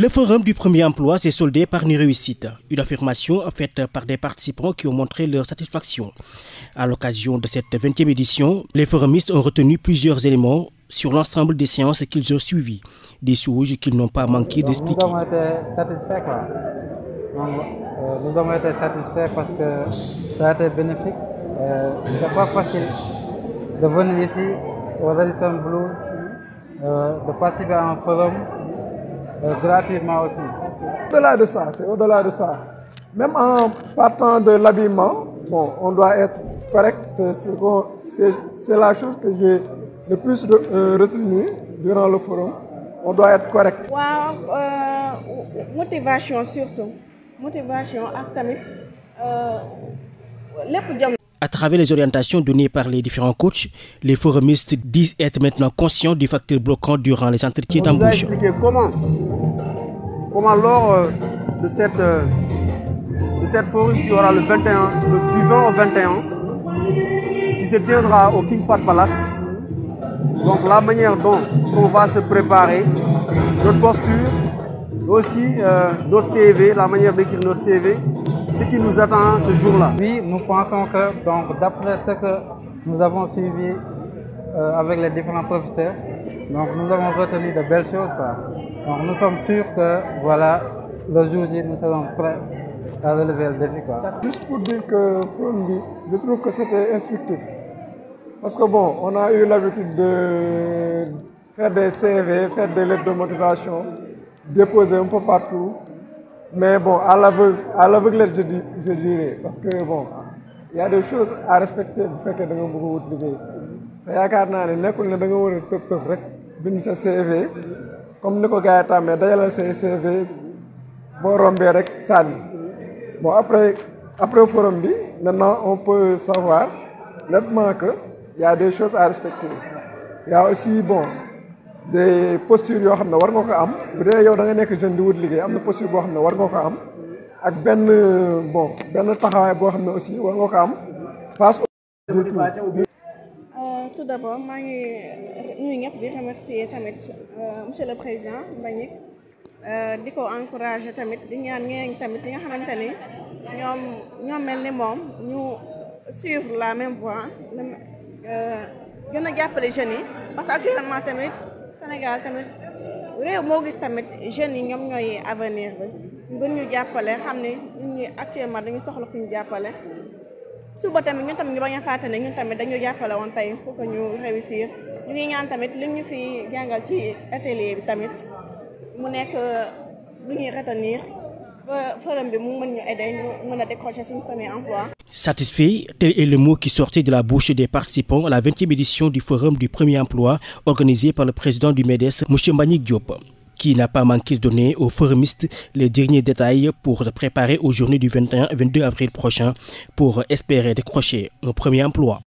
Le forum du premier emploi s'est soldé par une réussite, une affirmation faite par des participants qui ont montré leur satisfaction. À l'occasion de cette 20e édition, les forumistes ont retenu plusieurs éléments sur l'ensemble des séances qu'ils ont suivies, des sujets qu'ils n'ont pas manqué d'expliquer. Euh, parce que ça a été bénéfique. Euh, C'est pas facile de venir euh, forum. euh, Au-delà de ça, c'est au-delà de ça. Même en partant de l'habillement, on doit être correct. C'est la chose que j'ai le plus re, euh, retenue durant le forum. On doit être correct. waaw euh, motivation surtout motivation ak tamit euh, lépp À travers les orientations données par les différents coachs, les forumistes disent être maintenant conscients du facteur bloquant durant les entretiens d'embauche. comment lors euh, de cette euh, de cette forum qui aura le le, du au 21 se tiendra au King Fahd Palace donc la manière dont on va se préparer notre posture aussi euh, notre CV la manière d'écrire notre CV ce qui nous attend ce jour-là. nous pensons que d'après ce que nous avons suivi euh, avec les différents professeurs donc nous avons retenu de belles choses quoi. Donc nous sommes sûrs que voilà, le jour J, nous serons prêts à relever le défi. Quoi. Juste pour dire que Frombi, je trouve que c'était instructif. Parce que bon, on a eu l'habitude de faire des CV, faire des lettres de motivation, déposer un peu partout. Mais bon, à l'aveuglette, je, je dirais. Parce que bon, il y a des choses à respecter bu fekkee da nga bëgg a wut liggéey te yaakaar naa ne nekkul ne da nga war a tëb tëb rek bind sa CV. comme ni ko gars yi tàmmee dajalal say CV boo rombee rek sànni bon après après forum bi maintenant on peut savoir nettement que y a des choses à respecter y a aussi bon des postures yoo xam ne war nga ko am bu dee yow da nga nekk jeune di wut liggéey am na posture boo xam ne war nga ko am ak benn bon benn taxawaay boo xam ne aussi war nga ko am face au Euh, tout d'abord maa ngi euh, nuyu ñëpp di remercier tamit euh, monsieur le président Mbagnick di ko encourager tamit di ñaan ñeneen tamit ñi nga xamante ni ñoom ñoo mel ni moom ñu suivre la même voie gën a jàppale jeunes yi parce que actuellement tamit Sénégal tamit réew moo gis tamit jeunes yi ñoom ñooy avenir bi gën ñu jàppale xam ni ñun ñi actuellement dañu soxla ku ñu jàppale suba tamit ñun tamit ñu bañ a fàtte ne ñun tamit dañu jàppale woon tey pour ñu réussir ñu ngi ñaan tamit li ñu fi jàngal ci atelier bi tamit mu nekk euh, lu ñuy retenir forum bi mu mën ñu aider ñu mën a décrocher suñu premier emploi. Satisfait, tel est le mot qui sortait de la bouche des participants à la 20e édition du forum du premier emploi organisé par le président du MEDES, M. Mbagnick Diop. qui n'a pas manqué de donner aux forumistes les derniers détails pour se préparer aux journées du 21-22 avril prochain pour espérer décrocher un premier emploi.